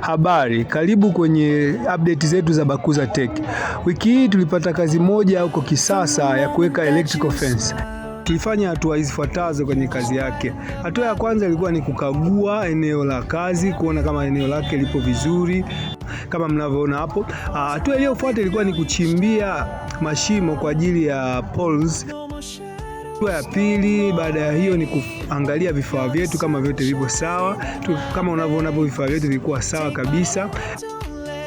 Habari, karibu kwenye update zetu za Bakuza Tech. Wiki hii tulipata kazi moja huko Kisasa ya kuweka electrical fence. Tulifanya hatua zifuatazo kwenye kazi yake. Hatua ya kwanza ilikuwa ni kukagua eneo la kazi, kuona kama eneo lake lipo vizuri kama mnavyoona hapo. Ah, hatua iliyofuata ilikuwa ni kuchimbia mashimo kwa ajili ya poles. Hatua ya pili baada ya hiyo ni kuangalia vifaa vyetu kama vyote vipo sawa. Kama unavyoona hapo vifaa vyetu vilikuwa sawa kabisa.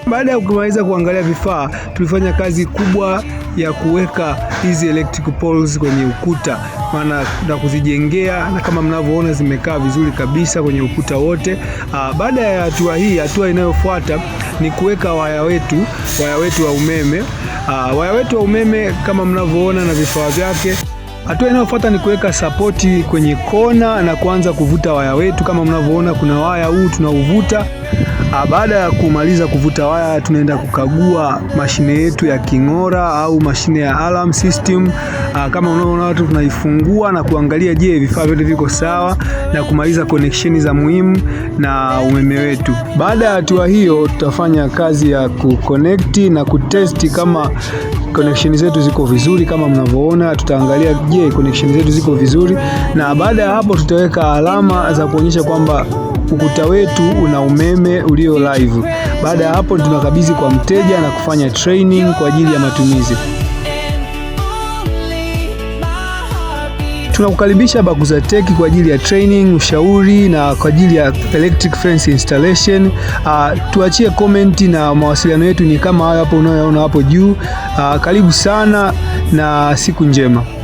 Baada ya kumaliza kuangalia vifaa, tulifanya kazi kubwa ya kuweka hizi electric poles kwenye ukuta, maana na kuzijengea, na kama mnavyoona zimekaa vizuri kabisa kwenye ukuta wote. Ah, baada ya hatua hii, hatua inayofuata ni kuweka waya wetu, waya wetu wa umeme. Aa, ah, waya wetu wa umeme kama mnavyoona na vifaa vyake Hatua inayofuata ni kuweka sapoti kwenye kona na kuanza kuvuta waya wetu. Kama mnavyoona, kuna waya huu tunauvuta. Ah, baada ya kumaliza kuvuta waya, tunaenda kukagua mashine yetu ya king'ora au mashine ya alarm system. Ah, kama mnavyoona watu, tunaifungua na kuangalia, je, vifaa vyote viko sawa na kumaliza connection za muhimu na umeme wetu. Baada ya hatua hiyo, tutafanya kazi ya kuconnect na kutesti kama connection zetu ziko vizuri kama mnavyoona, tutaangalia je, connection zetu ziko vizuri, na baada ya hapo tutaweka alama za kuonyesha kwamba ukuta wetu una umeme ulio live. Baada ya hapo tunakabidhi kwa mteja na kufanya training kwa ajili ya matumizi. Tunakukaribisha Baguza Tech kwa ajili ya training, ushauri na kwa ajili ya electric fence installation. Uh, tuachie comment na mawasiliano yetu ni kama hayo hapo unayoona hapo juu. Uh, karibu sana na siku njema.